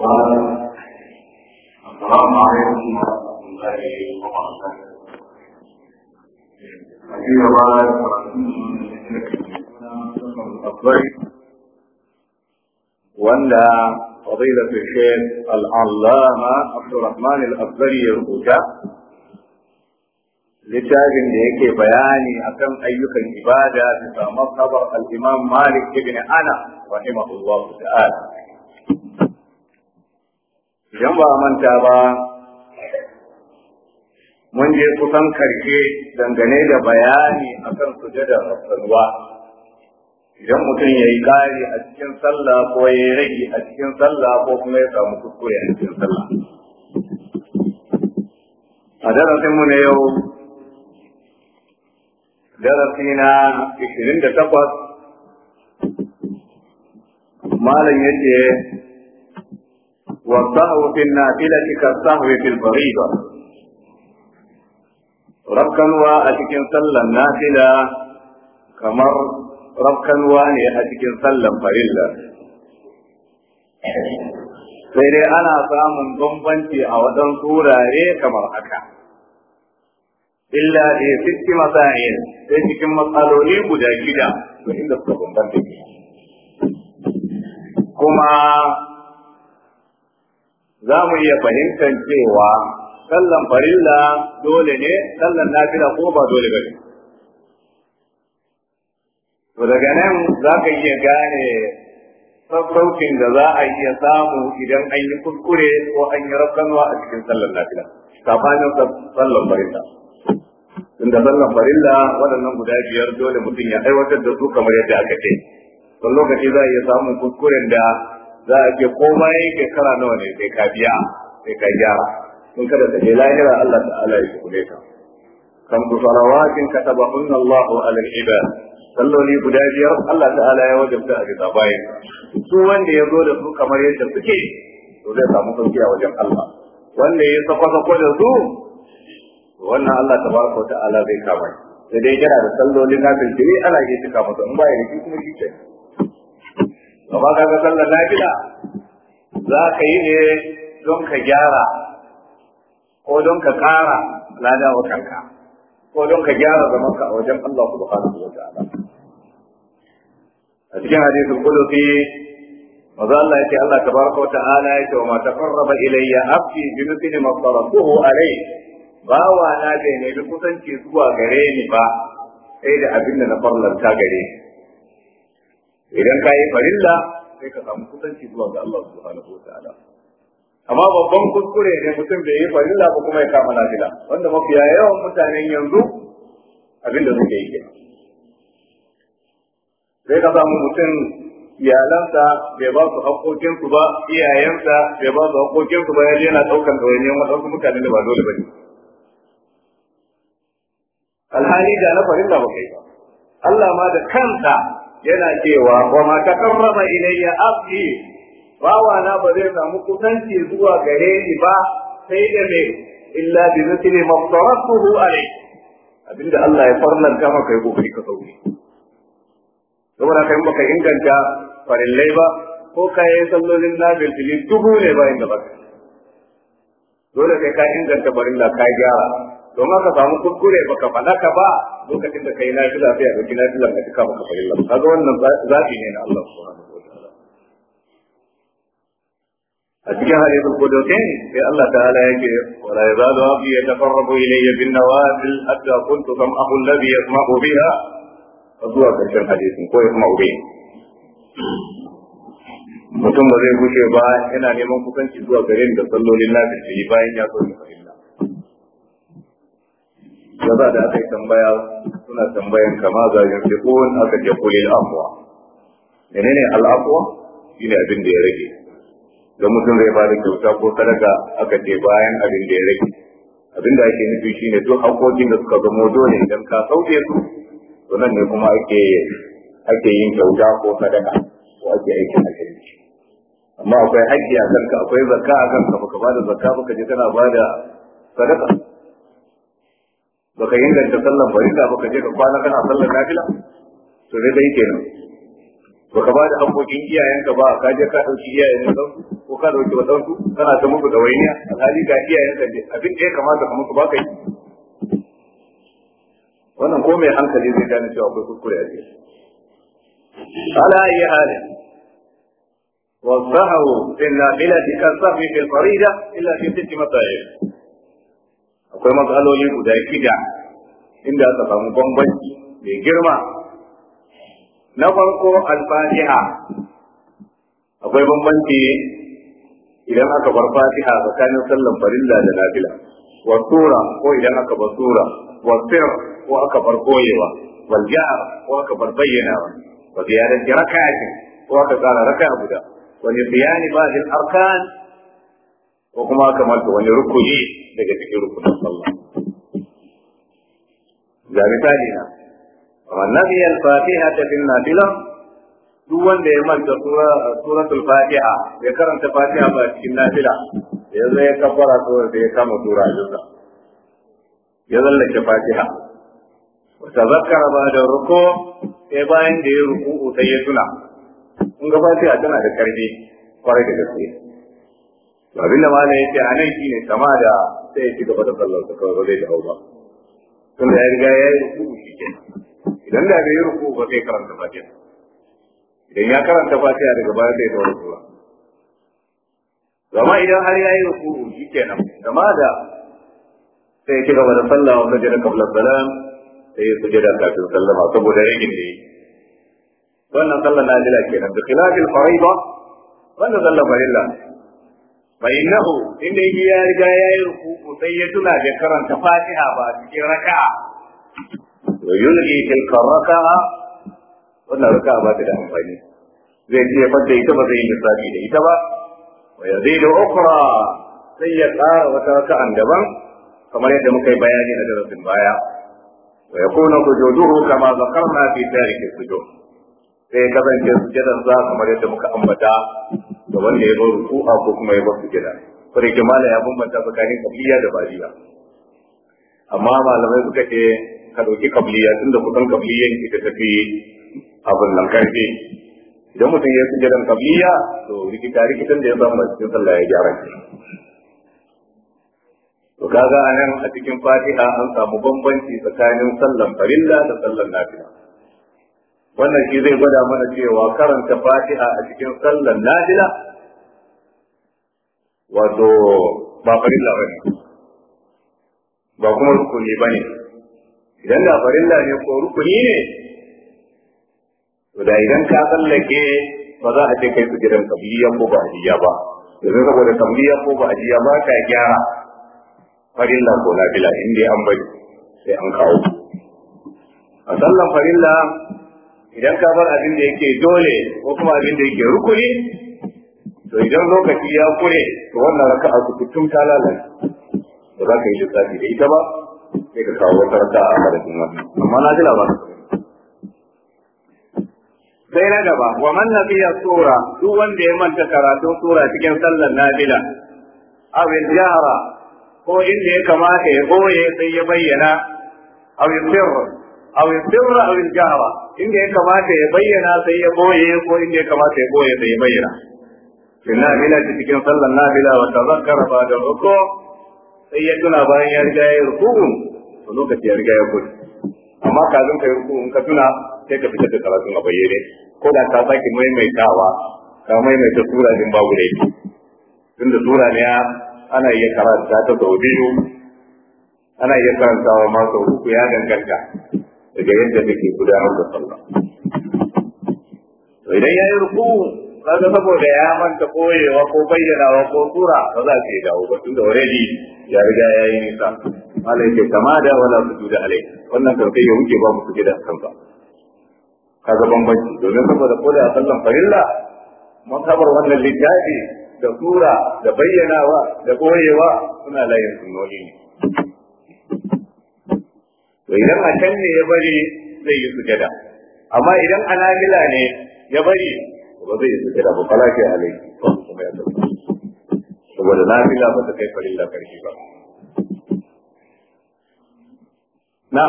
الله وأن فضيلة الشيخ العلامة عبد الرحمن الأفضلي الرجاء لتاج لك بياني أكم أيها العبادة مصدر الإمام مالك بن أنا رحمه الله تعالى idan ba manta ba mun je kusan karshe dangane da bayani akan sujadar rafsanuwa idan mutum ya yi ƙari a cikin sallah ko ya yi rage a cikin sallah ko kuma ya samu kuskure a cikin sallah a darasin mu na yau darasi na 28 malam yake والسهو في النافلة كالسهو في الفريضة ربكنوا أتكن صلى النافلة كمر ربكنوا أتكن صلى فريضة sai dai ana samun bambanci a wadan turare kamar haka illa da ya fi masa'il sai cikin matsaloli guda shida to suka kuma za mu iya fahimtar cewa sallan farilla dole ne sallan nafila ko ba dole ba ne to daga nan za ka iya gane sassaucin da za a iya samu idan an yi kuskure ko an yi rakanwa a cikin sallan nafila sabanin sallan farilla Inda sallan farilla waɗannan guda biyar dole mutum ya aiwatar da su kamar yadda aka ce wani lokaci za a iya samun kuskuren da za a ce ko bayan shekara nawa ne sai ka biya sai ka gyara in kada ta je lahira Allah ta'ala ya kule ka kan ku salawatin katabahunna Allahu alal ibad salloli guda biyar Allah ta'ala ya wajabta a bisa bayan su wanda ya zo da su kamar yadda suke to zai samu sauki a wajen Allah wanda ya sako-sako da su wannan Allah tabaraka ta'ala zai kama shi da dai yana da sallolin kafin jiri ana yi cika masa in ba ya da shi kuma shi ce ka kaga sallar nafila za ka yi ne don ka gyara ko don ka ƙara lada wa kanka ko don ka gyara zamanka a wajen Allah subhanahu wa ta'ala a cikin hadisul qudsi maza Allah yake Allah tabaraka wa ta'ala yake wa ma taqarraba ilayya abdi bi mithli ma qaratuhu alayhi wa na bai ne bi kusanci zuwa gare ni ba sai da abin da na farlanta gare ni idan ka yi farilla sai ka samu kusanci zuwa ga Allah subhanahu wataala amma babban kuskure ne mutum bai yi farilla ba kuma ya kama nafila wanda mafiya yawan mutanen yanzu abin da suke yi ke sai ka samu mutum iyalansa bai ba su haƙoƙinsu ba iyayensa bai ba su haƙoƙinsu ba yaje yana ɗaukan ɗawainiyar wasu mutane da ba dole ba ne alhali da na farilla ba kai ba Allah ma da kansa yana cewa wa ma taqarraba ilayya abdi bawa na ba zai samu kusanci zuwa gare ni ba sai da me illa bi zikri ma taratuhu alayhi abinda Allah ya farlanta maka yi kai ka sauke saboda kai baka inganta farillai ba ko kayan sallolin nabil fili tubu ne bayan da ba dole sai ka inganta farilla ka gyara domin ka samu kuskure baka falaka ba lokacin da kai nafila sai a dauki nafila ka tuka baka farilla kaga wannan zaɓi ne na Allah subhanahu wataala a cikin ko doke sai Allah ta'ala yake wala yazalu abdi yatafarrabu ilayya bin nawafil hatta kuntu sam'ahu alladhi yasma'u biha zuwa karshen hadisin ko kuma bihi mutum ba zai gushe ba yana neman kusanci zuwa garin da sallolin yi bayan ya so ya fahimta gaba da aka yi tambaya suna tambayan kama za yin fiqun aka ce kulil afwa menene Shi ne abin da ya rage ga mutum zai ba da kyauta ko sadaka aka ce bayan abin da ya rage abin da ake nufi shi ne duk haƙoƙin da suka zamo dole idan ka sauke su to nan ne kuma ake ake yin kyauta ko sadaka ko ake aikin kai amma akwai haƙƙi a kanka akwai zakka a kanka baka da zakka baka je kana bada sadaka baka inganta sallan farida baka je ka kwana kana sallan nafila to dai dai kenan baka ba da iyayen iyayenka ba ka je ka dauki iyayen ka ko ka dauki wadansu kana ta muku dawainiya alhali ga iyayenka ne abin da ya kamata ka muku baka yi wannan ko mai hankali zai gane cewa akwai kuskure a cikin ala ayi hali والسهو في النافلة كالسهو في الفريدة إلا في ست مسائل akwai matsaloli guda shida inda aka samu bambanci mai girma na farko al akwai bambanci idan aka bar fatiha tsakanin sallan farilla da nafila wa sura ko idan aka bar sura wa sir ko aka bar koyewa wal jahr ko aka bar bayyanawa wa ziyarar raka'atin ko aka tsara raka guda wani bayani ba'd al-arkan ko kuma kamata wani rukuni daga cikin rukunin sallah ga misali na amma nabi al-fatiha ta bin nabila duk wanda ya manta suratul fatiha ya karanta fatiha ba cikin nabila ya zai ya kafara sura da ya kama sura juka. ya zallake fatiha wa tazakkara ba da ruku sai bayan da ya ruku'u sai ya tuna kun ga fatiha tana da karfi kwarai da gaske ma malam yake a nan shine kama da sai ya ci gaba da sallar sa kawai ba zai dawo ba tunda ya riga ya yi ruku shi ke idan da bai yi ruku ba zai karanta fatiha idan ya karanta fatiha daga baya zai dawo ruku zama idan har ya yi ruku shi kenan kama da sai ya ci gaba da sallah wa sajada kabla salam sai ya da kafin sallama saboda ragin ne wannan sallar na najila kenan bi khilafil fariida wannan sallar farilla bainahu inda yake ya riga ya yi rukuku sai ya tuna da karanta fatiha ba cikin raka'a wa yulqi tilka raka'a wannan raka'a ba ta da amfani zai je fadda ita ba zai yi misali da ita ba wa yazidu ukra sai ya tsara wata raka'an daban kamar yadda muka yi bayani a darasin baya wa yakunu sujuduhu kama zakarna fi tariki sujud sai kasance sujudan za kamar yadda muka ambata da wanda ya bar ruku'a ko kuma ya bar sujada fari mala ya bambanta tsakanin kabliya da bariya amma malamai suka ce ka dauki kabliya tunda kusan ne ita tafi abin nan karfi idan mutum ya sujadan kabliya to rikita rikitan da ya samu cikin sallah ya gyara shi to kaga anan a cikin fatiha an samu bambanci tsakanin sallan farilla da sallan nafila wannan shi zai gwada mana cewa karanta fatiha a cikin sallar nafila wato ba farilla bane ba kuma rukuni bane idan da farilla ne ko rukuni ne to da idan ka tsallake ba za a ce kai su gidan kabliyan ko ba ajiya ba domin saboda kabliyan ko ba ajiya ba ka gyara farilla ko nafila inda an bari sai an kawo a sallan farilla idan ka bar abin da yake dole ko kuma abin da yake rukuni to idan lokaci ya kure to wannan raka a su fitun ta lalace ba za ka yi lissafi da ita ba sai ka kawo wata raka'a a madadin wannan amma na ji labarin sai na gaba wa man nabiya sura duk wanda ya manta karatun sura cikin sallar nafila abin jahara ko inda ya kamata ya goye sai ya bayyana abin aw sirra aw jahra inda ya kamata ya bayyana sai ya boye ko inda ya kamata ya boye sai ya bayyana sunna ta cikin sallan nafila wa tazakkara ba da ruku sai ya tuna bayan ya riga ya ruku to lokaci ya riga ya gudu amma kazin ka yi ruku in ka tuna sai ka fita da karatun a bayyane ko da ka sake maimaitawa ka maimaita sura din babu laifi tunda sura ne ana iya karanta ta sau biyu ana iya karantawa ma sau uku ya danganta daga yadda take gudanar da sallah to idan yayi ruku kaga saboda ya manta koyewa ko bayyanawa ko tura ba za ta dawo ba tunda already ya riga yayi nisa malai ke kama da wala sujuda alai wannan tausayi ya wuce ba mu gidan kanka kaga bambanci domin saboda ko da sallan farilla mun kabar wannan littafi da tura da bayyanawa da koyewa suna layin sunoni ne to idan a can ne ya bari zai yi sujada amma idan a nafila ne ya bari ba zai yi sujada ba fala ke alai kuma ya tafi saboda nafila ba ta kai da karfi ba na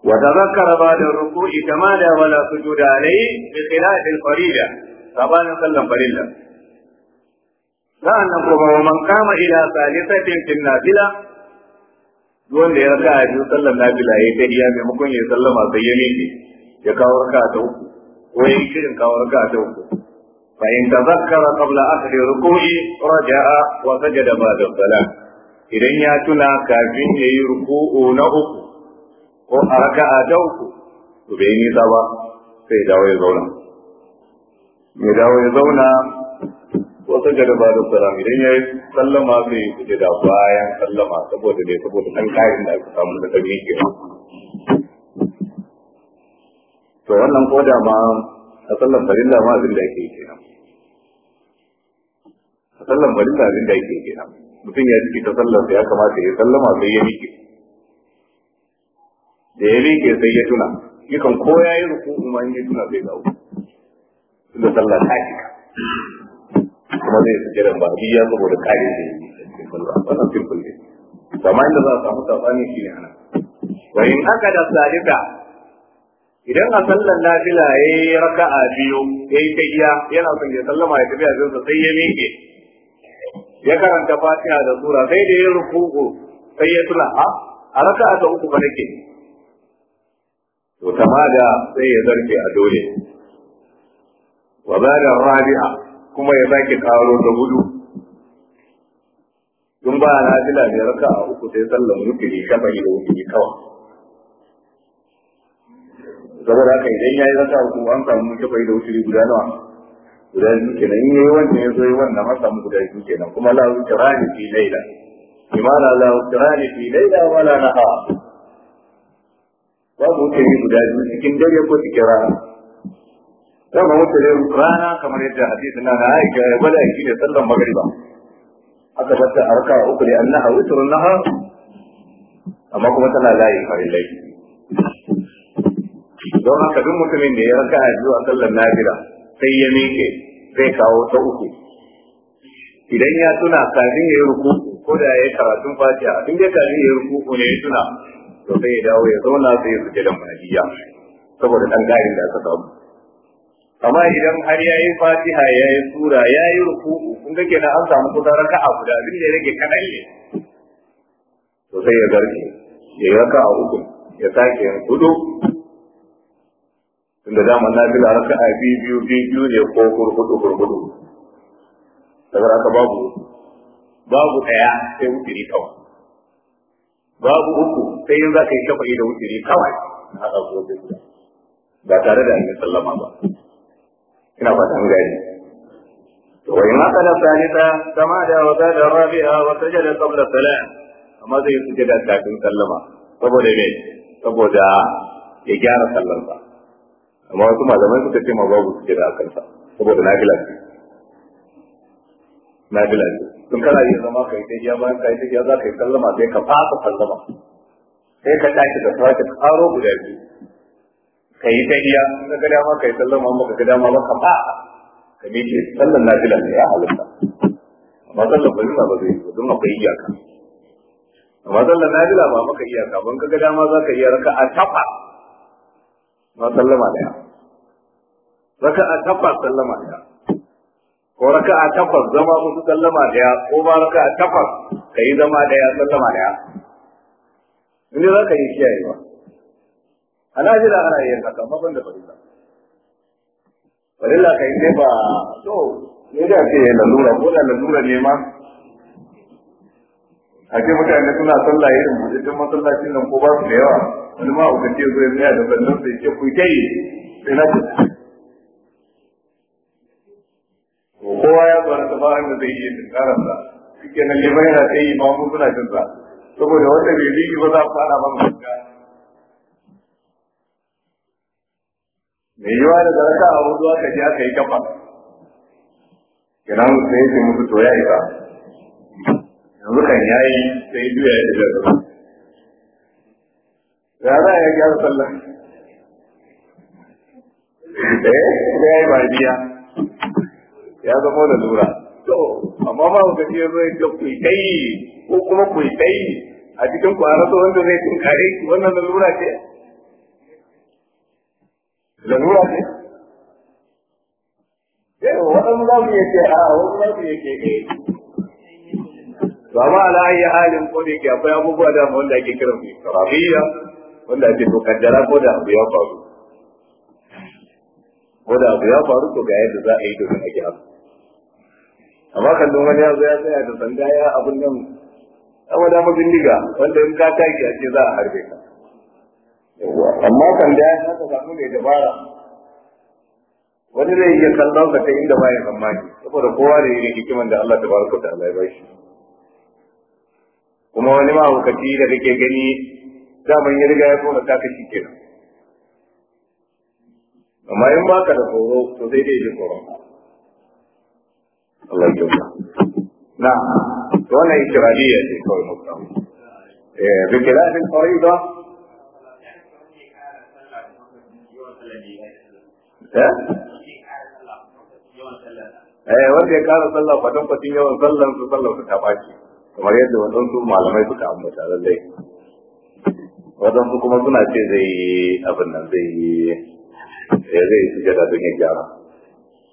وتذكر بعد الركوع da ولا سجود عليه بخلاف الفريدة طبعا سلم فريلا لأنه ومن قام إلى ثالثة في النافلة wanda ya raka a biyu sallar nafila ya ta iya maimakon ya sallama sai ya miƙe ya kawo raka ta uku ko ya yi shirin kawo raka ta uku فإن تذكر قبل آخر wasa رجع وسجد بعد الصلاة idan ya tuna kafin ya yi ruku'u na uku ko a raka a ta uku to bai nisa ba sai dawo ya zauna dawo ya zauna ko sajada ba da salam idan ya yi sallama zai yi da bayan sallama saboda ne saboda kan kayan da aka samu da kabi ke to wannan ko da ma a sallan farilla ma abin da yake kenan a sallan farilla abin da yake kenan mutum ya ciki ta sallar ya kamata ya sallama sai ya miƙe da ya miƙe sai ya tuna yakan ko ya yi ruku kuma in ya tuna sai dawo da sallah ta cika kuma zai su jiran ba ya saboda kare ne yi wannan simple ne amma inda za a samu sabani shi ne ana wa in aka da sadiqa idan a sallan nafila ya yi raka'a biyu ya yi tahiya yana son ya sallama ya tafi a sai ya miƙe ya karanta fatiha da sura sai da ya rufu sai ya tula a a raka'a ta uku ba nake to tamada sai ya zarge a dole wa bada rabi'a kuma ya zaki karo da gudu dun ba na ji da raka a uku sai sallan wuturi kafa da wuturi kawa. saboda haka idan ya yi raka uku an samu kafa da wuturi guda nawa guda biyu kenan in yayi wannan ya zo yi wannan an samu guda biyu kenan kuma la wutrani fi laila imana la wutrani fi laila wala nahar babu wuturi guda biyu cikin dare ko cikin rana yawan ne rana kamar yadda hadisi na aisha ya gwada shi ne sallan ba. aka bata a raka uku da annaha wutrun naha amma kuma tana layi farillai don haka duk mutumin da ya raka a biyu a sallan nafila sai ya miƙe zai kawo ta uku idan ya tuna kafin ya yi ruku ko da ya yi karatun fatiha abin da kafin ya yi ruku ne ya tuna to sai ya dawo ya zauna sai ya fice da manhajiya saboda dan garin da aka samu amma idan har yayi fatiha yayi sura yayi ruku'u kun ga kenan an samu kusan raka'a guda abin da ya rage kadan ne to sai ya garke ya yi raka'a uku ya sake yin hudu tunda dama na fi raka'a biyu biyu biyu ne ko hurhudu hurhudu daga raka babu babu daya sai wutiri kawai babu uku sai yin za ka yi shafa'i da wutiri kawai haka haɗa zuwa ba tare da an yi sallama ba ina fatan gari wata da الثالثة تمادى وزاد الرابعة وسجد قبل السلام أما زي da kafin sallama. saboda me saboda ya gyara sallar ba amma wasu malamai suka ce ma babu suke da sa saboda na gila ne na gila ne tun kana yin zama kai ta giya bayan kai ta giya za ka yi sallama sai ka fasa sallama sai ka tashi da sake karo guda biyu ka yi ta iya ka ga dama ka yi sallama amma ka ga dama ba ka ba ka bi ce sallan nafila ne ya halitta amma sallan farilla ba zai yi don akwai iyaka amma sallan nafila ba maka iyaka ban ka ga dama za ka iya raka a tafa ma sallama ne raka a tafa sallama ne ko raka a tafa zama musu sallama ne ko ba raka a tafa ka yi zama daya sallama ne ne za ka yi ba. a nafila ana yanka, haka mafan da farilla farilla kai ne ba to ne da ke lalura ko da lalura ne ma a ce mutane suna sallah irin mutum masallacin nan ko ba su da yawa wani ma uka ce zai tsaya da sannan sai ce ku kai sai na kuta kowa ya tsara da bayan da zai iya tunkararsa shi ke nan liman yana ta yi suna jinsa saboda wanda bai rigi ba za a fara ba mutunta mai yiwa da daraka a hudu aka je aka yi kafa kenan sai ce musu to ya isa yanzu kan yayi sai juya ya shiga gaba ya za ya gyara sallah eh ya yi bariya ya zama da lura to amma ba ku kace zai ga ku kai ko kuma ku kai a cikin ku a wanda zai tunkare wannan lura ce lalura ne? yau waɗansu za mu yi ce a wasu za mu yi ce eh ba ma ala ayi halin ko da yake akwai abubuwa da mu wanda ake kiran su karabiyya wanda ake to kaddara ko da abu ya faru ko da abu ya faru to ga yadda za a yi domin a gyara amma kan wani yanzu ya tsaya da sanda ya abun nan amma da mabin diga wanda in ka taki a ce za a harbe ka amma kan da ya haka samu mai dabara wani zai iya kallon ka ta inda baya tsammani saboda kowa da yake hikiman da Allah tabaraka ta Allah ya bashi kuma wani ma hukaci da kake gani daman ya riga ya kona ta kashi kenan amma in ba ka da tsoro to sai dai ji tsoron Allah ya na wannan ikirariya ce kawai mutum eh bi kilafin qariba Eh? eh wanda ya kara sallah fatan fatin yawan sallan su sallan su ta baki kamar yadda wadansu malamai suka ambata lallai wadansu kuma suna ce zai abin nan zai eh, zai jada don ya gyara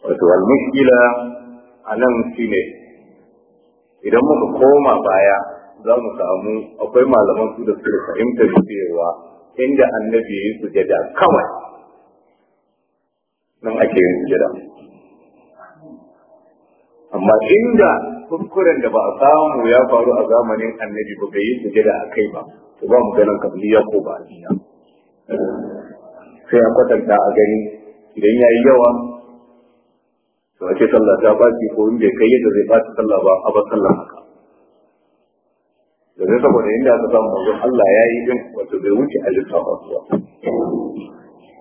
wato almushkila a nan shine idan muka koma baya za mu samu akwai malaman su da suka fahimtar cewa inda annabi ya yi jada kawai nan ake yin gida? amma inda kuskuren da ba a samu ya faru a zamanin annabi ba bai yi sujada a kai ba to ba mu ganin kabliya ko ba jiya. sai a kwatanta a gani idan ya yi yawa to ake sallah ta baki ko in bai kai yadda zai bata sallah ba a ba sallah haka zai saboda inda aka samu manzon Allah ya yi din wato bai wuce a lissafa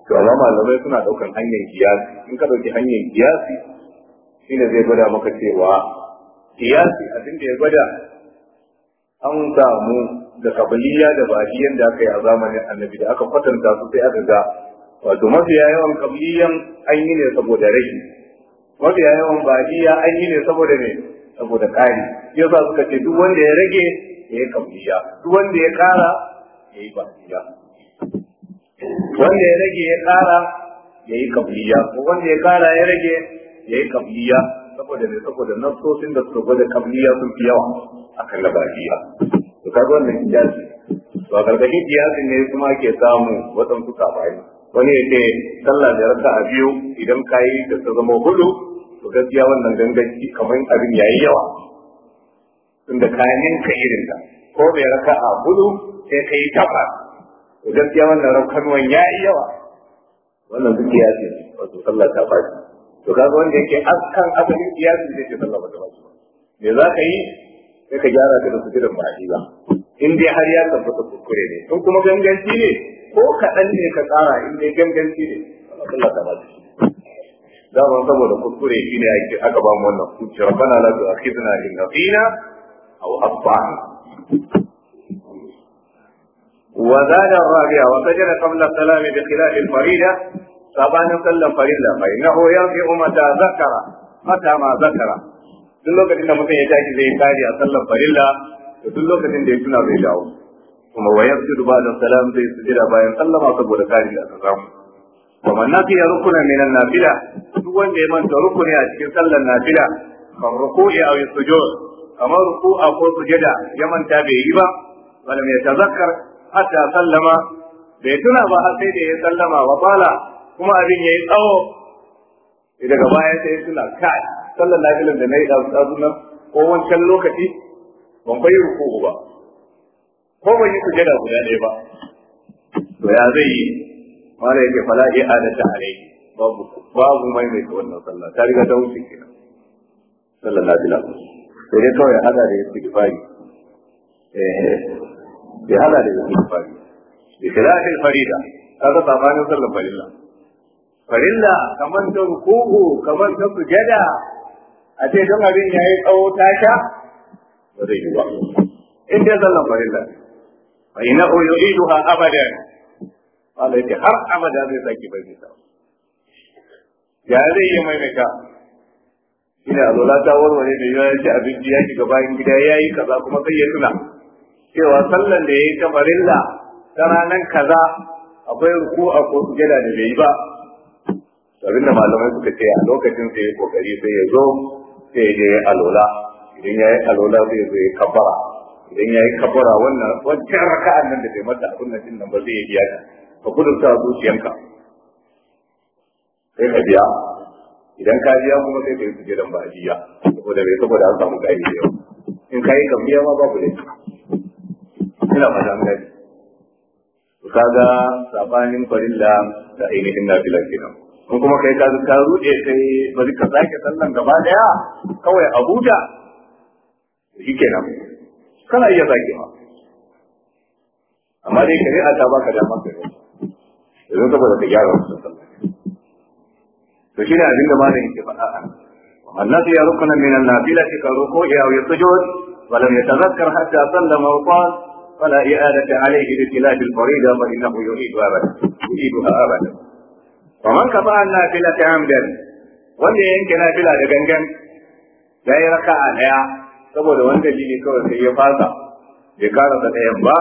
to amma malamai suna daukan hanyar kiyasi in ka dauki hanyar kiyasi shine zai gwada maka cewa kiyasi abin da ya gwada an samu da kabiliya da bahiyan da aka yi a zamanin annabi da aka kwatanta su sai aka ga wato mafiya yawan kabiliyan an yi ne saboda rashi mafiya yawan an yi ne saboda ne saboda kari yasa suka ce duk wanda ya rage ya yi kabiliya duk wanda ya kara ya yi badiya wanda ya rage ya ƙara ya yi kabliya ko wanda ya ƙara ya rage ya yi kabliya saboda ne saboda nasosin da suka gwada kabliya sun fi yawa a kan labariya to kaga wannan kiyasi to a gargaɗin ne kuma ke samu waɗansu saɓani wani ya ce sallah da raka a biyu idan ka yi da su zama hudu to gaskiya wannan ganganci kamar abin ya yi yawa tunda kayan ka irin ta ko bai raka a hudu sai ka yi idan eh, gaskiya wannan raukanuwan ya yi yawa wannan duk ce wato sallah ta faɗi to kaga wanda yake askan asalin kiyasi zai ce sallah ba ta faɗi me za ka yi sai ka gyara ta da sujudan ba ba in dai har ya tabbata kuskure ne in kuma ganganci ne ko kaɗan ne ka tsara in dai ganganci ne sallah ta bashi dama saboda kuskure shi ne ake aka ba mu wannan kuce rabbana la tu'akhidna in nasina aw akhtana وزاد الرابعة وسجد قبل السلام بخلاف الفريدة سبحان صلى فريدة فإنه يرجع متى ذكر متى ما ذكر duk lokacin da mutum ya zai kare a sallar farilla da duk lokacin da ya tuna zai dawo kuma wa yasjudu ba'da salam zai sujada bayan sallama saboda kare da aka samu wa man nasiya rukunan min nafila duk wanda ya manta rukuni a cikin sallar nafila kan ruku'i aw sujud kamar ruku'a ko sujada ya manta bai yi ba wala mai tazakkar hatta sallama bai tuna ba har sai da ya sallama wa bala kuma abin yayi tsawo daga baya sai ya tuna kai sallan nafilan da nayi da sunan ko wancan lokaci ban bai ruku ba ko ban yi sujada guda ɗaya ba to ya zai yi mala yake fala ta alai babu babu mai mai wannan sallah ta riga ta wuce kenan sallallahu alaihi sai dai kawai hada da istighfari eh, eh. bai hada da istighfari bi khilafil farida kaga sabanin sallar farilla farilla kamar ta ruku'u kamar ta sujada a ce don abin yayi tsawo tasha ba zai yi ba in dai sallar farilla fa ina yuriduha abadan Allah yake har abada zai saki bai ta ya zai yi maimaita ina zo la ta warware da yawa ya ci abinci ya shiga bayan gida ya yi kaza kuma sai ya tuna cewa sallan da yayi ta farilla ta ranan kaza akwai ruku a ko gida da bai ba abin da malamai suka ce a lokacin sai ya kokari sai ya zo sai ya je alola idan ya yi alola sai ya zo ya kafara idan ya yi kafara wannan wancan raka'an nan da bai mata abin nan nan ba zai yi biya ka ka kudurta zuciyanka sai ka biya idan ka biya kuma sai ka yi sujadan ba a biya saboda bai saboda an samu kayi da yau in ka yi ka biya ma babu laifi ina masu an gani kaga sabanin farilla da ainihin na filar kenan kun kuma kai kazu ka rude kai ba zika sake sallan gaba daya kawai abuja shi ke shikenan kana iya sake ma amma dai kare a ta baka dama ka yi yanzu saboda ka gyara wasu sallan to shine abin da malam yake faɗa a wannan ya rukuna min an-nafila ka ruku ya yusujud ولم يتذكر حتى سلم وقال فلا إعادة عليه بخلاف الفريضة فإنه يعيد أبدا يعيدها أبدا ومن قطع النافلة عمدا wanda ya yanke nafila da gangan ya yi raka a ɗaya saboda wani dalili kawai sai ya fasa na karasa ɗayan ba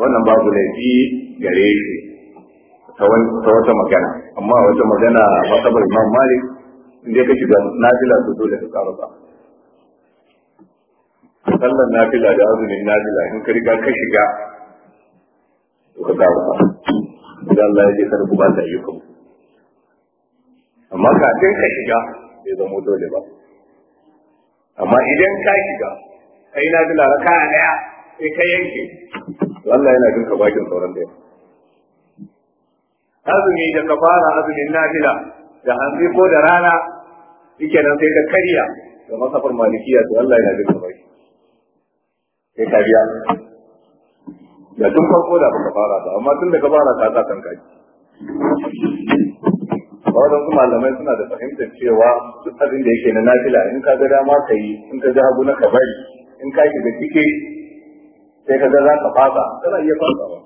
wannan babu laifi gare shi ta wata magana amma wata magana masabar imam malik sallan nafila da azumin nafila in ka riga ka shiga to ka dawo ba idan Allah ya ce kada ku ba ta ayyukan amma kafin ka shiga bai zama dole ba amma idan ka shiga kai na ka raka daya sai ka yanke Allah yana jin ka bakin sauran da azumi da ka fara azumin nafila da hanzi ko da rana shikenan sai ka karya ga masafar malikiya to Allah yana jin ka baki sai ka biya da tun farko da baka fara ba amma tun da ka fara ka sa kan kaji kuma malamai suna da fahimtar cewa duk abin da yake na nafila in ka ga dama ka yi in ka ga hagu na ka bari in ka shiga cike sai ka ga za ka fasa kana iya fasa ba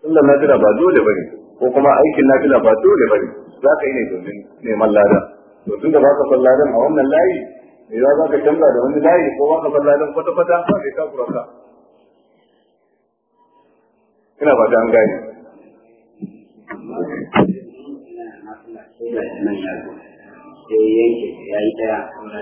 tun da nafila ba dole ba ne ko kuma aikin nafila ba dole ba ne za ka yi ne domin neman lada to tun da ba ka son ladan a wannan layi idan za ka canza da wani layi ko ka ban don kwata-kwata ba ka ina ba an gane sai yanke sai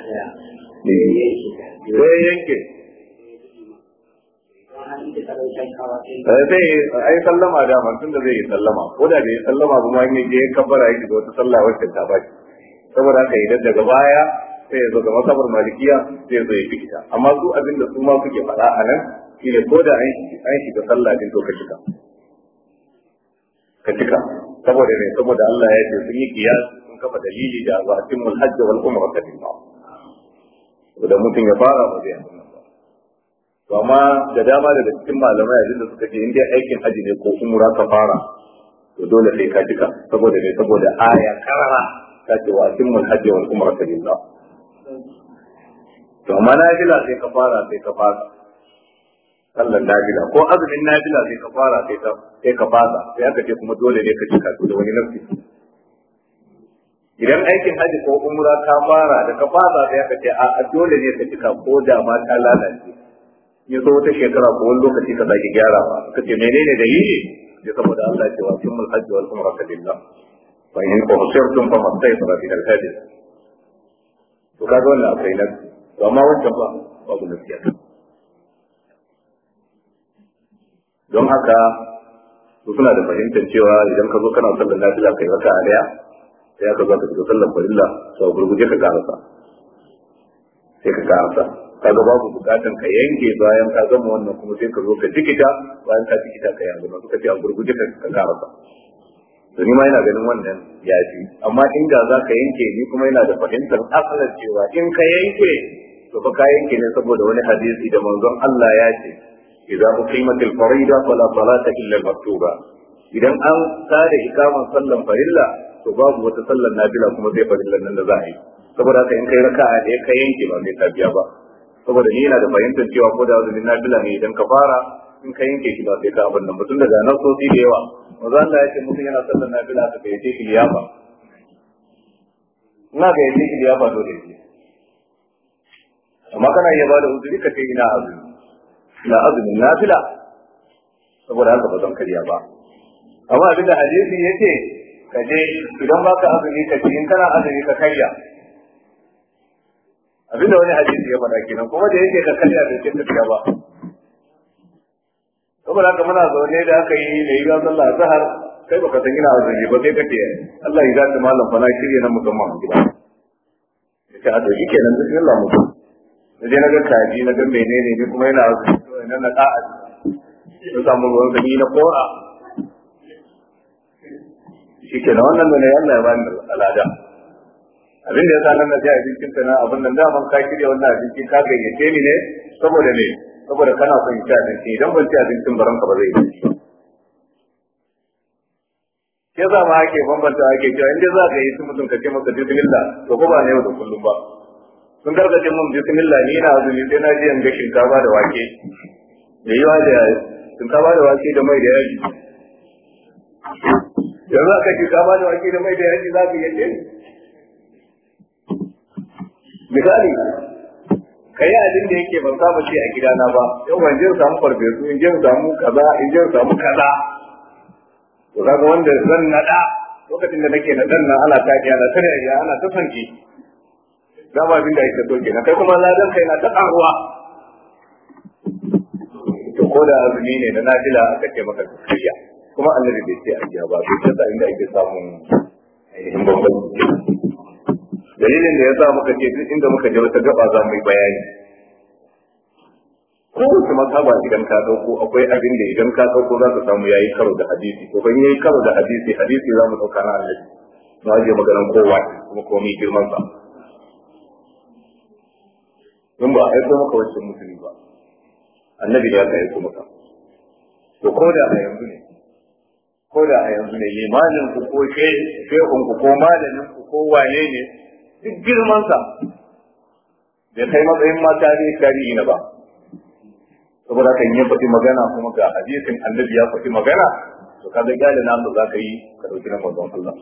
zai eh, a yi sallama da tun da zai yi sallama ko da bai yi sallama kuma an yi kabbara yake da wata sallah wacce ta baki saboda haka idan daga baya sai ya zo ga masabar malikiya sai zo ya fi ita amma su abin da su ma kuke faɗa a nan ne ko da an shiga sallah din to ka shiga ka cika saboda ne saboda Allah ya ce sun yi kiyas sun kafa dalili da wa atimul hajj wal umra ka dinna da mutum ya fara ba zai amma to amma da dama daga cikin malamai abinda suka ce in dai aikin haji ne ko umra ka fara to dole sai ka cika saboda ne saboda aya karara ta ce wa atimul hajj wal umra ka dinna to amma nafila sai ka fara sai ka fasa sallan nafila ko azumin nafila sai ka fara sai ka fasa sai aka ce kuma dole ne ka cika da wani nafsi idan aikin haji ko umra ka fara da ka fasa sai aka ce a dole ne ka cika ko da ma ta lalace ya zo wata shekara ko wani lokaci ka gyara ba? ka ce menene dalili ya saboda Allah ya ce wa sunnul hajji wal umra lillah fa in uhsirtum fa mastaysara min al to kaga wannan akwai nan to amma wancan ba babu nasiya don haka su suna da fahimtar cewa idan ka zo kana sallar lafiya kai raka a daya sai ka zo ka shiga sallar farilla to gurguje ka karasa sai ka ka ga babu bukatan ka yanke bayan ka zama wannan kuma sai ka zo ka jikita bayan ka jikita ka yanzu suka ce a gurguje ka karasa to ni ma ina ganin wannan ya fi amma in ga za ka yanke ni kuma ina da fahimtar asalar cewa in ka yanke to fa ka yanke ne saboda wani hadisi da manzon Allah ya ce ku uqimat al-farida fala salata illa al-maktuba idan an tare ikaman sallan farilla to babu wata sallan nafila kuma sai farillan nan da za a yi saboda haka in kai raka'a da ka yanke ba mai tafiya ba saboda ni yana da fahimtar cewa ko da azumin nafila ne idan ka fara in ka yanke shi ba sai ka abin nan mutum da daga sosai da yawa maza Allah ya ce mutum yana sallar na bila ka yace liyafa ina ga yace liyafa dole ne amma kana iya bada uzuri ka ce ina azumi ina azumin nafila saboda haka ba zan karya ba amma abin da hadisi ce ka je idan baka azumi ka ce in kana azumi ka karya abinda wani hadisi ya faɗa kenan kuma da yake ka karya da ke tafiya ba saboda haka muna zaune da aka yi da yiwuwa sallah zahar kai baka san ina zaune ba sai kace Allah ya zaka malam fana na shirye na musamman gida kace a doki kenan Allah mutum je na ga kaji na ga menene ne kuma yana azumi na na da'a na samu ruwan gani na kora shi kenan wannan ne Allah ya bani al'ada abin da ya sa nan na ji abincin ta na abin nan daman ka shirya wannan abincin, ka gayyace ni ne saboda me saboda kana son ci abinci idan ban ci abincin baran ka ba zai yi ke za ma ake bambanta ake cewa inda za ka yi su mutum ka ce masa bismillah to ko ba na yau da kullum ba sun gargaje mun bismillah ni na azumi sai na je in ga shinkafa da wake da yiwa da shinkafa da wake da mai da yaji yanzu ka shinkafa da wake da mai da yaji za ka yi misali ka yi abin da yake ban saba ce a gidana ba yau ban jin samu farfesu in jin samu kaza in jin samu kaza to kaga wanda zan nada lokacin da nake nadan nan ana ta kiyana ta rayuwa ana ta fanki da ba abin da yake so kenan kai kuma dan kai na ta karuwa to ko da azumi ne da nafila aka ce maka kariya kuma annabi bai ce a ba bai ta inda ake samun ainihin bambanci dalilin da ya sa muka ce duk inda muka je wata gaba za mu yi bayani wasu masaba idan ka dauko akwai abin da idan ka dauko za ka samu yayi karo da hadisi ko ban yayi karo da hadisi hadisi za mu dauka na annabi na aje maganar kowa kuma komai girman sa mun ba aiko maka wancan musulmi ba annabi ya ka aiko maka to ko da a yanzu ne ko da a yanzu ne limanin ku ko shehun ku ko malamin ku ko wane ne duk girmansa bai kai matsayin mata ne tarihi na ba saboda kan yi faɗi magana kuma ga hadisin annabi ya faɗi magana to kaga gyale na za ka yi ka dauki nan manzon Allah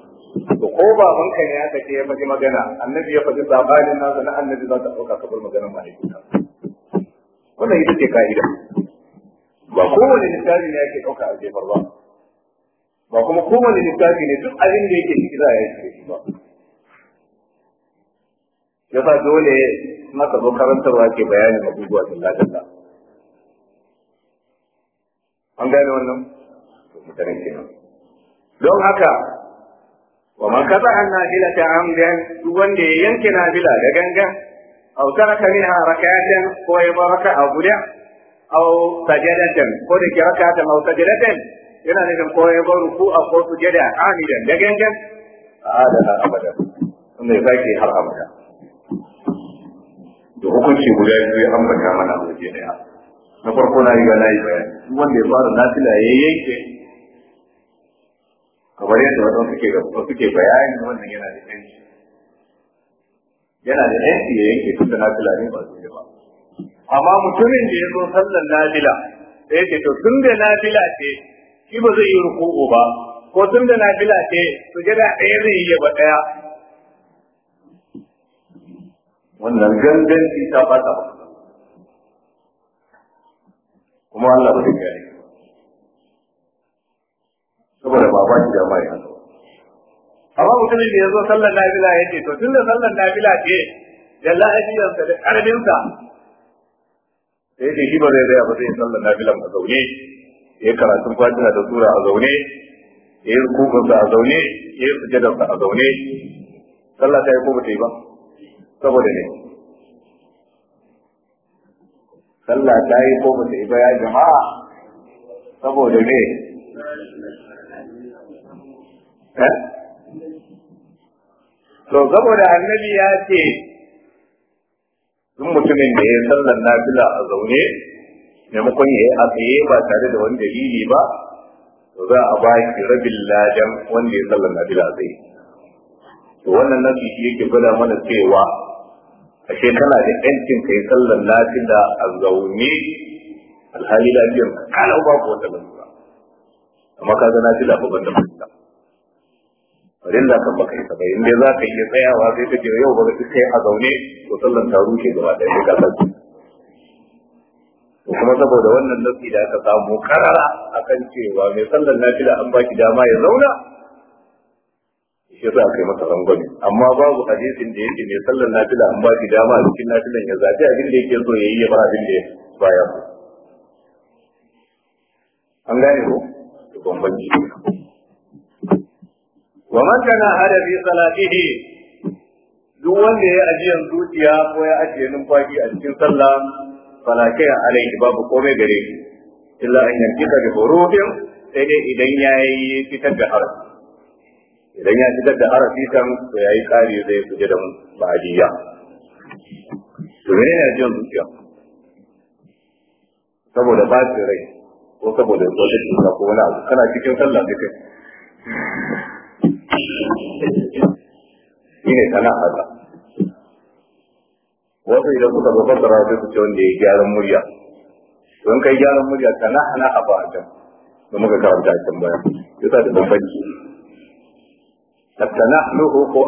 to ko ba mun kai ne aka ce ya faɗi magana annabi ya faɗi zabalin nasa na annabi za ka ɗauka saboda maganar mahaifinka wannan ita ce ka'ida ba kowane littafi ne yake ɗauka a jefar ba ba kuma kowane littafi ne duk abin da yake cikin za a yi shi ba ya sa dole maka zo karantarwa ke bayanin abubuwa sun lalata an gane wannan mutane kenan don haka wa man kaza an fila ta amdan duk wanda ya yanke na fila da gangan aw taraka minha rakayatan ko ya raka a guda aw sajadatan ko da ke rak'atan aw sajadatan yana nufin ko ya ruku a ko sujada amidan da gangan a adana abada wanda ya sake har abada da hukunci guda biyu ya ambata mana a waje daya na farko na riga na yi bayani wanda ya fara nafila ya yanke kamar yadda wasu suke da suke bayani wannan yana da yanki yana da yanki ya yanke tun da nafila ne ba su ba amma mutumin da ya zo sallan nafila ya ce to tun da na nafila ce shi ba zai yi ruku'u ba ko tun da na nafila ce sujada ɗaya zai yi ba ɗaya wannan gangan ganganci ta fata ba kuma Allah ba zai gane saboda ba ba shi da mai haka amma mutumin da ya zo sallar Nabila ya ce to tun da sallar Nabila ce da lafiyarsa da ƙarfinsa sai ce shi ba zai zaya ba zai sallar Nabila a zaune ya karatun fatina da sura a zaune ya yi rukunsa a zaune ya yi sujadarsa a zaune sallah ta yi ko ba ta yi ba saboda ne sallah ta yi ko bata yi ya jama'a saboda ne eh? to saboda annabi ya ce duk mutumin da ya sallar nafila a zaune maimakon ya yi a tsaye ba tare da wani dalili ba to za a ba shi rabin ladan wanda ya sallar nafila zai to wannan nafi shi yake gwada mana cewa ashe kana da ka yi sallar lafiya a zaune alhali lafiyar ka ba ku wata lalura amma ka fi lafi ba banda mutunta farilla kan baka yi bai inda za ka iya tsayawa sai ka jira yau ba ka kai a zaune to sallar taro ke gaba da ya ka sani to kuma saboda wannan nasi da aka samu karara akan cewa mai sallan lafiya an baki dama ya zauna shi za a kai masa rangwame amma babu hadisin da yake mai sallar nafila an ba shi dama a cikin nafilan ya zaɓi abin da yake so ya yi ya ba abin da ya baya so an gane ko da bambanci wa man kana hada fi salatihi duk wanda ya ajiyan zuciya ko ya ajiye numfashi a cikin sallah falakai alaihi babu komai gare shi illa an yanki ka bi hurufin sai dai idan yayi fitar da harafi idan ya fitar da harafi kan to yayi kari zai kuje da ba'adiyya to ne ne jiyan zuciya saboda ba su rai ko saboda wata cuta ko wani kana cikin sallah ne kai ne kana haka wasu idan suka zo fassara sai su ce wanda ya gyaran murya don kai gyaran murya kana hana a ba'adiyya da ka karanta a can baya yasa da bambanci nastanahu ko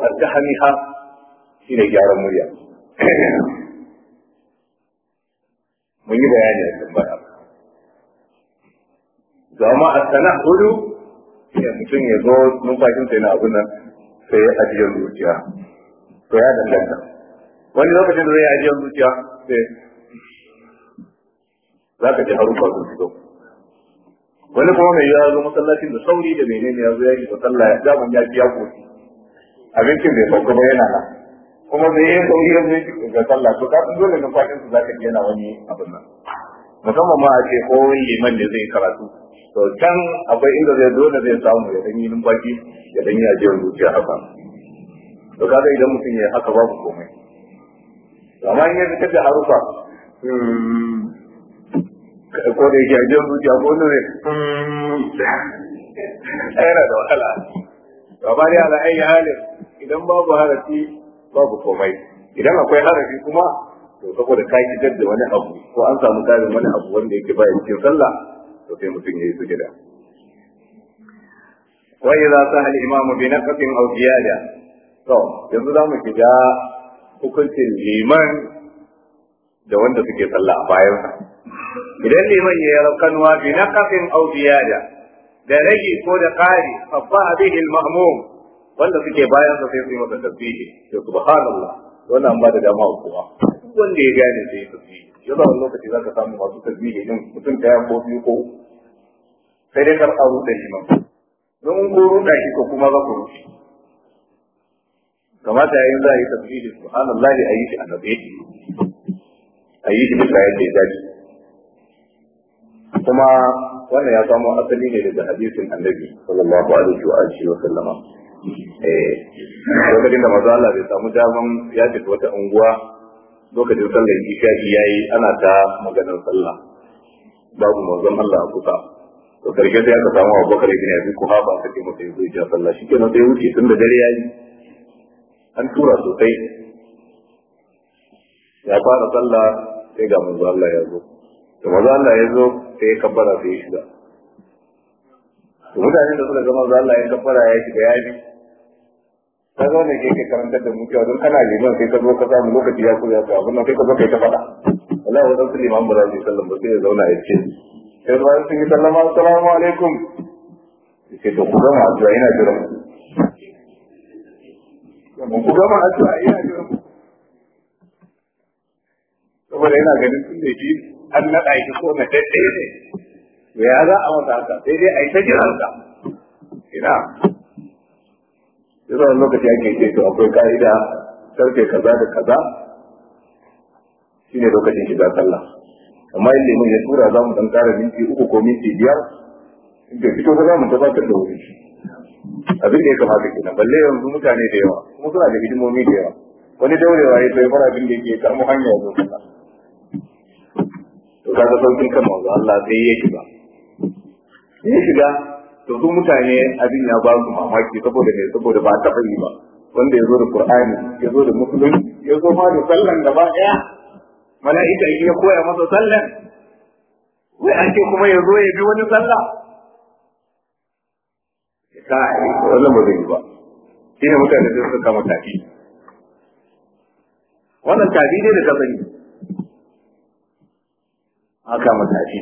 shi ne gyaran murya mun yi bayani a kan baya zama hudu ya mutum ya zo numfashin sai na abunan sai ya ajiyar zuciya to ya danganta wani lokacin da zai ajiyar zuciya sai za ka ji haruka zuciya wani kuma mai ya zo masallacin da sauri da menene ya zo ya shiga sallah ya daman ya biya koki abincin bai sauka ba yana nan kuma da yi sauri ya zo ya ga sallah to kafin dole na kwakin su zaka yana wani abin nan musamman ma a ce ko liman da zai karatu to can akwai inda zai dole zai samu ya dan yi numfashi ya dan yi ajiyar zuciya haka to kaga idan mutum ya haka babu komai amma in ya fitar da harufa hmm, ko da yake ajiyar zuciya ko wani ne hmm, yana da wahala amma dai ala ayi halin idan babu harafi babu komai idan akwai harafi kuma to saboda ka kitar da wani abu ko an samu tarin wani abu wanda yake bayan cikin sallah to sai mutum ya yi su gida. sujada wa idza sahal imamu bi naqatin aw ziyada to yanzu za mu shiga hukuncin liman da wanda suke sallah a bayansa idan liman ya yi rafkanuwa bi naqafin aw ziyada da rage ko da kari fa bihi al-mahmum wanda suke bayan sa sai su yi masa tasbihi ya subhanallah wannan ba da dama kuma wanda ya gane sai ya tasbihi yau wannan lokaci zaka samu masu tasbihi din mutum da ko biyu ko sai dai kar a da liman don ko ruɗa shi ko kuma za ku rufe kamata yayin za a yi tasbihi subhanallah a yi shi a nabe a shi da yadda dace kuma wannan ya samo asali ne daga hadisin annabi sallallahu alaihi wa alihi wa sallama eh lokacin da manzo Allah bai samu daman ya tafi wata unguwa lokacin sallar isha yayi ana ta maganar sallah babu manzon Allah a kusa to karshe sai aka samu abubakar ibn abi kuhafa ta ce masa yanzu ya sallah shi kenan sai wuce tun da dare yayi an tura sosai ya fara sallah sai ga manzo Allah ya zo da manzo Allah ya zo sai kabbara sai ya shiga to mutane da suka gama Allah ya kabbara ya shiga ya bi ka zo ne ke karantar da mutuwa don kana liman sai ka zo ka samu lokaci ya koya ka abin nan sai ka zo kai ta faɗa wallahi wadansu liman ba za su yi sallan ba sai ya zauna ya ce sai ba sun yi sallama assalamu alaikum ke to ku gama addu'a ina jira mu ku gama addu'a ina jira saboda ina ganin sun da shi an naɗa shi ko na ɗaiɗaya ne to ya za a masa haka sai dai a yi ta jiransa ina yanzu wani lokaci ake ce to akwai ka'ida karfe kaza da kaza shine lokacin shiga sallah amma in mun ya tura za mu dan ƙara minti uku ko minti biyar in bai fito ba za mu tabbatar da wuri abin da ya kamata kenan balle yanzu mutane da yawa kuma suna da hidimomi da yawa wani daurewa ya sai fara abin da yake kamo hanya ya zo sallah to kaga saukin kan manzo Allah sai ya shiga ya shiga to su mutane abin ya ba su mamaki saboda ne saboda ba ta yi ba wanda ya zo da Qur'ani ya zo da musulunci ya zo ma da sallan gaba daya mala'ika ya koya masa sallan wai an ce kuma ya zo ya bi wani sallah kai wannan ba zai yi ba shine mutane sun suka kama tafi wannan tafi ne da ka sani haka mata ce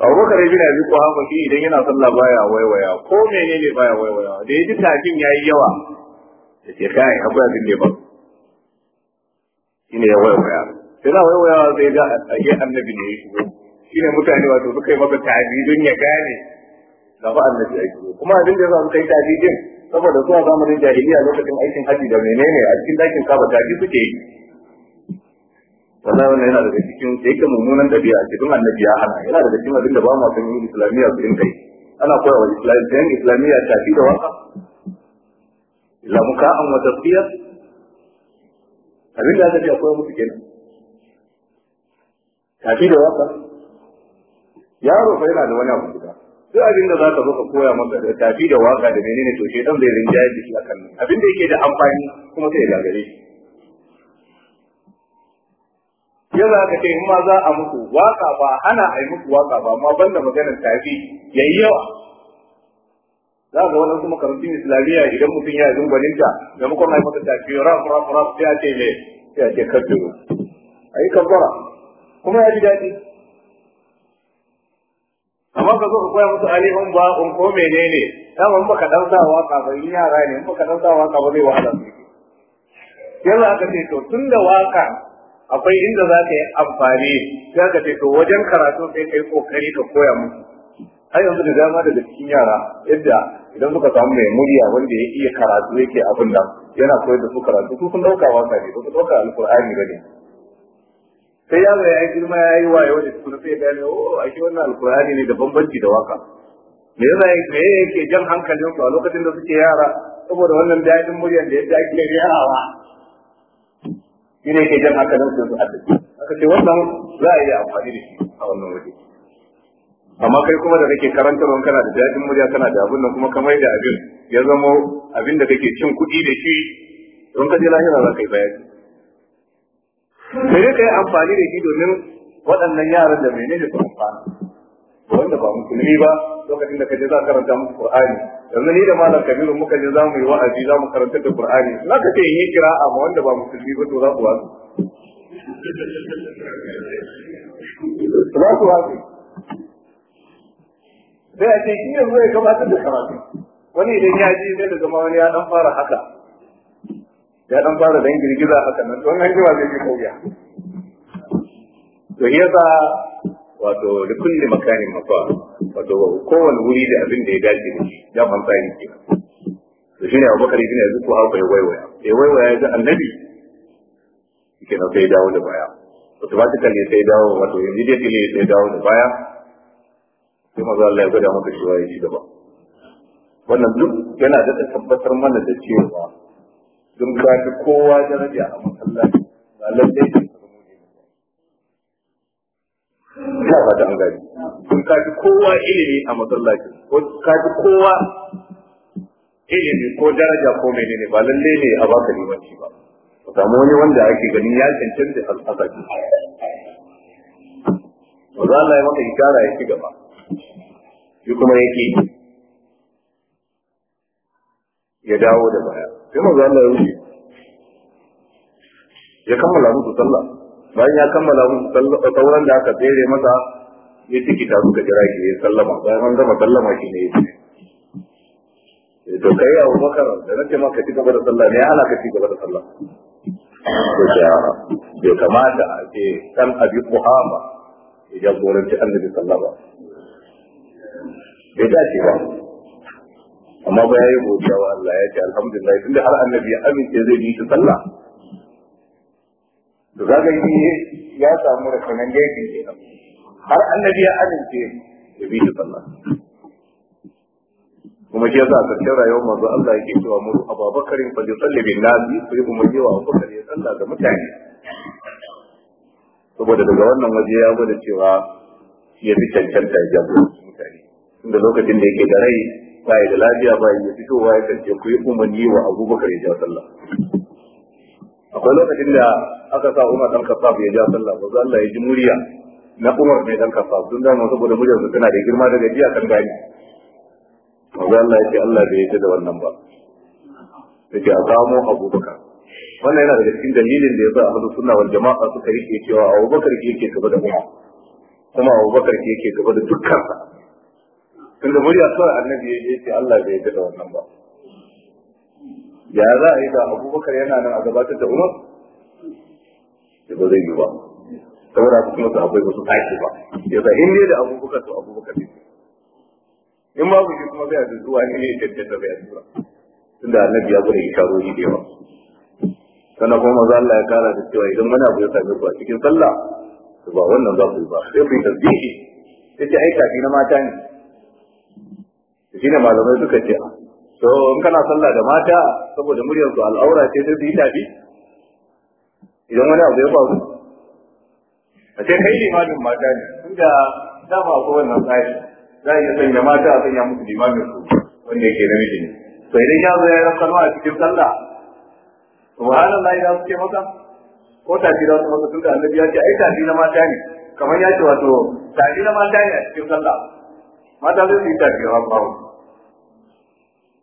abubakar ibn abi kuhafa shi idan yana sallah baya waiwaya ko menene baya waiwaya da yaji tafin ya yi yawa da ce kai akwai ya da ba shine ya waiwaya sai na waiwaya zai ga ake annabi ne ya shigo shine mutane wato suka yi maka tabi don ya gane gaba annabi ake kuma abin da ya sa suka yi tafi din saboda zuwa zamanin jahiliya lokacin aikin haji da menene a cikin dakin kaba tafi suke yi wallahi wannan yana daga cikin da yake mummunan dabi'a ce don annabi ya hana yana daga cikin abin da ba mu san yin islamiyya su kai, ana koya wa islamiyya islamiyya ta fi da waka lamuka an wa tasbiya abin da aka koya musu kenan ta fi da waka yaro fa yana da wani abu guda duk abin da za ka zo ka koya masa da tafi da waka da menene to shedan zai rinjaye da shi akan abin da yake da amfani kuma sai ya gagare shi ya za ka ce in ma za a muku waka ba ana a yi muku waka ba amma banda maganar tafi ya yi yawa za ga wani kuma karatun islamiyya idan mutum ya yi ta da muka na mata tafi raf raf raf sai a ce ne sai a ce kaddaro a yi kabbara kuma ya ji daɗi amma ka zo ka koya musu alihun ba un ko menene dama in baka dan sa waka ba yin yara ne in baka dan sa waka ba zai wahala su yanzu aka ce to tun da waka akwai inda za ka yi amfani ya ka to wajen karatu sai kai kokari ka koya musu har yanzu da dama daga cikin yara yadda idan suka samu mai murya wanda ya iya karatu yake abin nan yana koyar da su karatu su sun dauka wasa ne ba su dauka alkur'ani ba ne sai yaro ya yi girma ya yi waye da su sai gane o oh, ake wannan alkur'ani ne da bambanci da waka me yasa me yake jan hankalin su a lokacin da suke yara saboda wannan dadin muryar da yadda ake riyawa shi ne ke jan sai su addu'a aka ce wannan za a yi amfani da shi a wannan waje amma kai kuma da kake karanta karantarwa kana da dadin murya kana da abin nan kuma ka mai da abin ya zama abin da kake cin kuɗi da shi don ka je lahira za ka yi bayani sai dai ka yi amfani da shi domin waɗannan yaran da menene su amfana wanda ba musulmi ba lokacin da ka je za ka karanta musu Qur'ani yanzu ni da malam Kabiru muka je za mu yi wa'azi za mu karanta da Qur'ani na ka yi kira? amma wanda ba musulmi ba to za ku wasu za wasu sai a ce shi yanzu ya gabatar da karatu wani idan ya ji sai da zama wani ya dan fara haka ya dan fara dan girgiza haka nan to ji jiwa zai ji kauya to yasa wato da kulli makanin mafa wato kowane wuri da abin da ya dace da shi ya fanta ne ke shi ne Abu Bakar yanzu ko Kuha bai waiwaya bai waiwaya ga annabi yake na sai dawo da baya Wato ne sai dawo wato yanzu ne sai dawo da baya sai maza Allah ya gwada maka shiwa ya ci gaba wannan duk yana da tabbatar mana da cewa dun ta kowa daraja a masallaci ba lallai ina fata an gani ka ji kowa ilimi a masallacin, ko ka ji kowa ilimi ko daraja ko menene ba lalle ne a baka limanci ba ka samu wani wanda ake ganin ya cancanta al'asari ba za Allah yi maka ishara ya ci gaba shi kuma yake ya dawo da baya sai manzo Allah ya wuce ya kammala musu sallah bayan ya kammala musu sauran da aka tsere masa ya tikita suka jira shi ya sallama bayan an gama sallama shi ne ya eh, to kai abu bakar da na ce maka ci gaba da sallah ne ana ka ci gaba da sallah ya bai kamata a ce kan abi muhamma ya jagoranci annabi sallah ba bai dace ba amma ba ya yi godiya wa Allah ya ce alhamdulillah tunda har annabi ya amince zai bi shi sallah da zaga yi ya samu rakanan gaibin kenan har annabi ya amince da bi da sallah kuma shi yasa a ƙarshen rayuwar manzo Allah yake cewa mu Abubakar fa li salli bin nasi sai kuma ji wa Abubakar ya salla ga mutane saboda daga wannan waje ya gwada cewa ya fi cancanta ya jagoranci mutane inda lokacin da yake da rai ba da lafiya ba ya fitowa ya kance ku yi umarni wa Abubakar ya ja sallah akwai lokacin da aka sa Umar dan Khattab ya ja sallah za Allah ya ji murya na Umar mai dan Khattab dun da mun saboda mujar su tana da girma da gajiya kan gani za Allah ya ce Allah bai yi da wannan ba yake a samu Abubakar wannan yana daga cikin dalilin da ya sa Ahlus Sunna wal Jama'a suka rike cewa Abubakar ke yake gaba da Umar kuma Abubakar ke yake gaba da dukkan sa tunda murya sai annabi ya ce Allah bai yi da wannan ba ya za a yi da abubakar yana nan a gabatar da umar da ba zai yi ba saboda su kuma sahabbai ba su tashi ba ya za in dai da abubakar to abubakar ne in babu shi kuma zai da zuwa ne ya da bai zuwa tunda annabi ya gura isharori da yawa sannan kuma maza Allah ya kara da cewa idan wani abu ya same ku a cikin sallah to ba wannan za ku yi ba sai ku yi tasbihi sai ce ai na mata ne shi ne malamai suka ce to in kana sallah da mata saboda muryar su al'aura ce sai su yi tafi idan wani abu ya faru a ce kai limamin mata ne da ba ko wannan tsari za a iya sanya mata a sanya musu limamin su wanda yake namiji ne to idan ya zo ya yi kalma a cikin sallah subhanallah idan suke maka ko tafi za su maka tunda annabi ya ce ai tafi na mata ne kamar ya ce wato tafi na mata ne a cikin sallah mata zai su yi tafi ba ba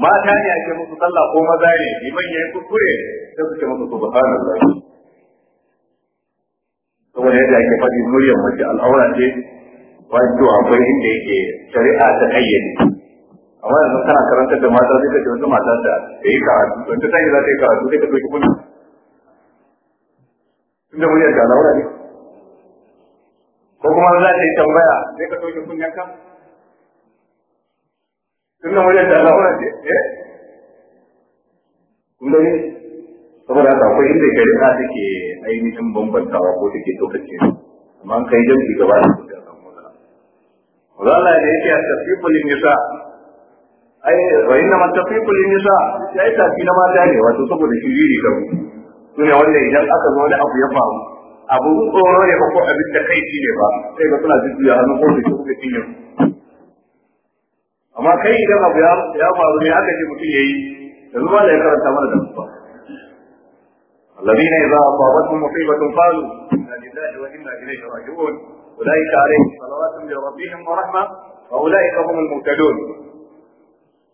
mata ne ake musu sallah ko maza ne liman yayi kuskure sai su ce musu subhanallah saboda yadda ake faɗi muryar mace al'aura ce wato akwai inda yake shari'a ta kayyade amma yanzu kana karanta da mata sai ka ce wata mata da ta yi karatu wata ta yi za ta yi karatu sai ka ɗauki kuɗi tunda muryar ta al'aura ne ko kuma za ta yi tambaya sai ka kunyan kunyanka tun da muryar da al'aura ce eh kun gani saboda haka akwai inda shari'a take ainihin bambantawa ko take tokace amma an kai jam'i gaba da su da matsala Allah ne yake a tafiful nisa ai wa inna man tafiful nisa ya yi tafi na mata ne wato saboda shiriri kan su ne wanda idan aka zo wani abu ya faru abu tsoro ne ba ko abin da kai ne ba sai ga suna jujjuya hannu ko da shi suka cinye amma kai idan abu ya faru ne aka ce mutum ya yi yanzu ba da ya karanta mana da mutuwa الذين إذا أصابتهم مصيبة قالوا إنا لله وإنا إليه راجعون أولئك عليهم صلوات من ربهم ورحمة وأولئك هم المهتدون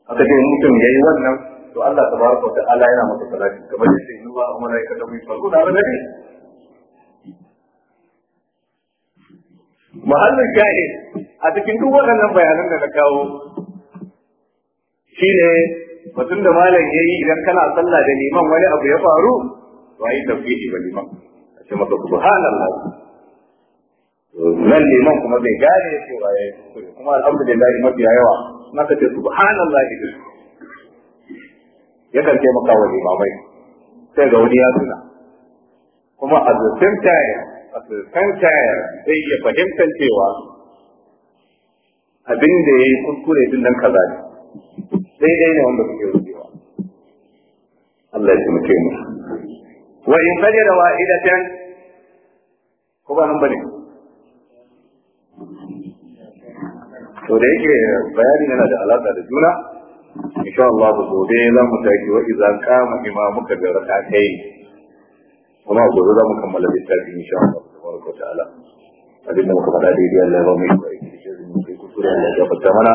aka ce mutum ya yi wannan to Allah ta baraka ta Allah yana masa salati kamar yadda yi wa malaika ta mai farko da rabbi mahallin shahid a cikin duk waɗannan bayanan da na kawo shine mutum da malam yayi idan kana sallah da liman wani abu ya faru to ayi tafsiri ba liman a ce maka subhanallah nan liman kuma bai gane cewa yayi kuma alhamdulillah mafi yawa maka ce subhanallah idan yakan taimaka wa limamai sai ga wani ya tuna kuma a the same time a the same time zai iya fahimtar cewa abin da ya yi kuskure din nan kaza ne daidai ne wanda suke rubewa Allah ya taimake mu wa in fajara wa'idatan ko ba nan bane to da yake bayani yana da alaka da juna insha Allah gobe za mu tafi wa idan kama imamuka da rakatai kuma gobe za mu kammala littafin insha Allah tabaraka wa ta'ala abinda muka faɗa daidai Allah ya ba mu yi aiki da mu kai kusura Allah ya gafarta mana